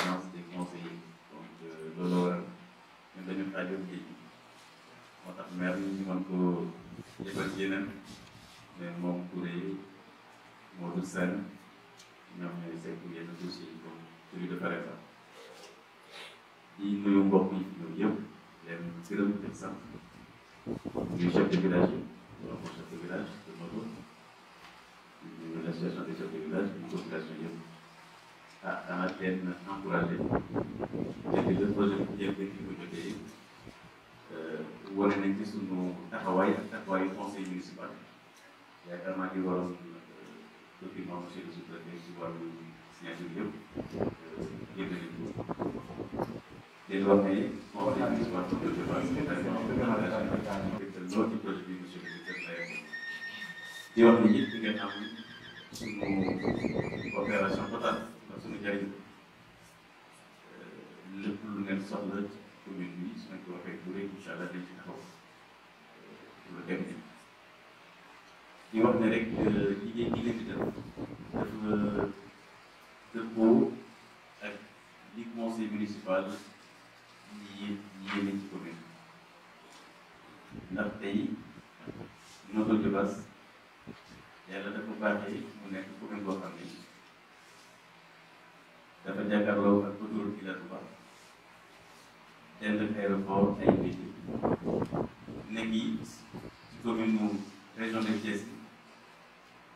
permanence des conseils donc loolu waral ñun dañu xaajoon géej gi moo tax maire ko yëgal yeneen mais moom Touré Modou Sène ñoom ñooy seetlu yenn dossiers yi comme celui de Farefra di nuyu mbokk yi ñoom yëpp leen gërëm di sant ñuy chef de village yi ñoo ko chef de village de Modou ñu association des chefs de village ñu population yëpp ah dana leen encouragé te di leen projet bu njëkk bi ñu ko jotee euh, wane nañ ci sunu taxawaay ak taxawaayu conseil municipal yaakaar naa ci waroon euh, document monsieur le sous-préfet ci wàllu signature yëpp euh, yëpp nañ ko te loolu ne conseil municipal bu projet bi loolu ci projet bi monsieur le sous-préfet di wax ni ñëpp ngeen am sunu coopération totale suñu njëriñ euh, lépp lu ngeen soxla commune bi su ma waxee bu rëy incha allah dañ ci taxaw lu euh, dem ni ne rek euh, liggéey ak li conseil municipal yi yéene ci commune ndax tey Notto Diobass yàlla dafa baaxee mu nekk commune boo xam ne dafa jàkkaarloo ak bëtul ila Touba dend aéroport ay nit nekk yi ci commune mu région de Thiès yi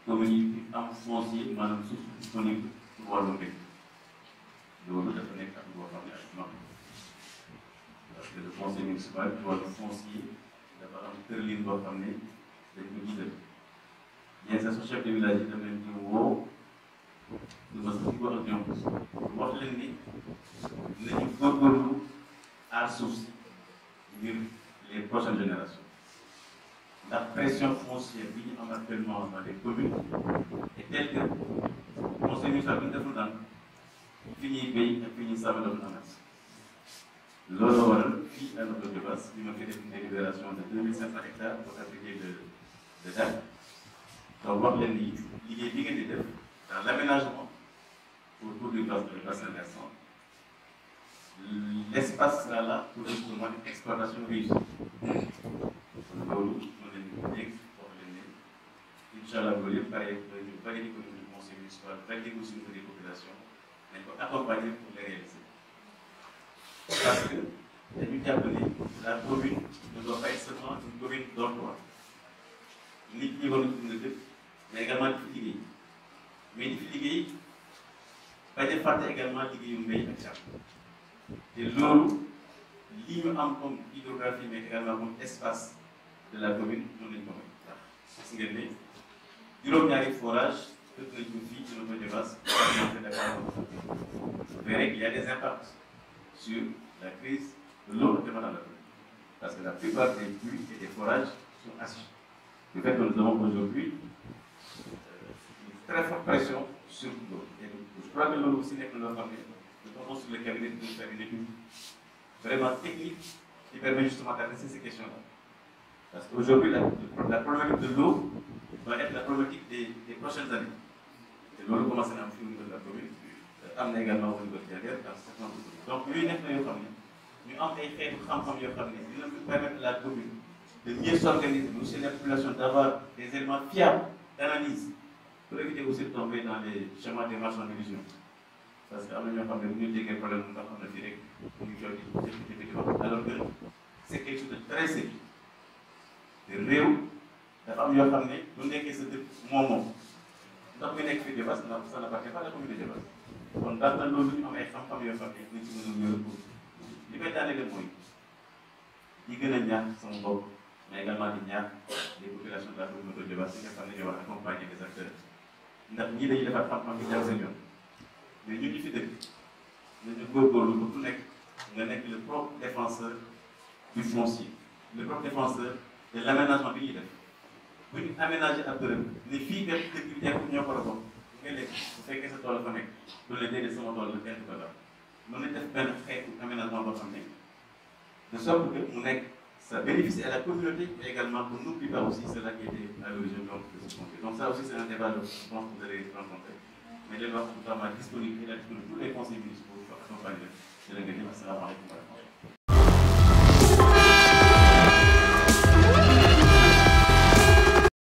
commune yi am foncier maanaam suuf disponible pour wàllu mbéy loolu dafa nekk ak boo xam ne ak mag parce que le conseil municipal ci wàllu foncier dafa am tërlin boo xam ne dañ ko jiital yenn sa chef de village yi daf di woo mas bu ñu wax ak ñoom wax leen ni nañu góorgóorlu aar suuf si ngir les prochaines générations ndax pression foncière bi ñu am actuellement dans les communes et tel que conseil municipal bi ñu deful daan fi ñuy béy ak fi ñuy sàmm dafa amat loolu waral fii à notre dépasse ñu ngi def une libération de deux mille cinq cent hectares pour appliquer le le DAC donc wax leen ni liggéey bi def. dans euh, l'aménagement autour du bassin de versant, l'espace sera pour justement une exploitation réussie. loolu mën ne incha allah loolu yëpp pare ñu bari di ko def municipal bari ko suñu des populations nañ ko accompagner pour les réaliser parce que pas être seulement une commune d'emploi nit ñi war a dund dëkk mais également fàtte également liggéeyu mbéy ak sàmm te loolu li ñu am comme hydrographie mais également comme espace de la commune mën nañu ko may ndax gis ngeen ne juróom-ñaari forage tëdd nañ ko fii ci notre défense mais rek il y a des impacts sur la crise de l'eau actuellement dans la commune parce que la plupart des puits et des forages sont assis le fait que nous avons aujourd'hui euh, une très forte pression sur l'eau crois que loolu aussi nekk na loo xam ne nous avons sur le cabinet de faire une étude vraiment technique qui permet justement d'adresser ces questions-là. Parce qu'aujourd'hui, la, la de l'eau va être la problématique des, des prochaines années. te loolu commencé na am fii au niveau de la commune euh, am na également au niveau de Diaguer dans ce certain nombre donc yooyu nekk na yoo xam ne ñu am ay xeetu xam-xam yoo xam ne dina permettre la commune de mieux s'organiser aussi la population d'avoir des éléments fiables d'analyse pour éviter aussi de tomber dans les schémas de marchandisation parce que am na ñoo xam ne bu ñu jegee problème nga xam ne fii rek mu ngi jooy di jëkki-jëkki di wax alors que c' est quelque chose de très sérieux te réew dafa am yoo xam ne bu nekkee sa dëkk moom moom ndax mi nekk fii Diobass ndax ça n' appartient pas à la commune de Diobass kon daal na loolu ñu am ay xam-xam yoo xam ne dañ ci mën a ñëw pour li may daaneel mooy ñi gën a ñaax sama bopp mais également di ñaax les populations de la commune de Diobass yi nga xam ne ñoo war accompagner les acteurs. ndax ñii dañuy defar xam-xam bi jàll seen yoon mais ñun ñu fi dëkk nañu góorgóorlu nekk nga nekk le propre défenseur du foncier le propre défenseur de l' aménagement bi ñuy def bu ñu aménagé ne fii kat dëkk bi nekkul ñoo ko raboon nga lekk bu fekkee sa tool fa nekk du la déedéet sama tool la fekk aménagement boo ne de sorte que mu nekk. ça bénéficie à la communauté, mais également pour nous, puis pas aussi cela qui était à l'origine de ce conflit. Donc ça aussi, c'est un débat, je pense que vous allez rencontrer. Mais le programme est disponible et là, tous les conseils municipaux pour accompagner. C'est l'engagement, c'est la marée pour la France.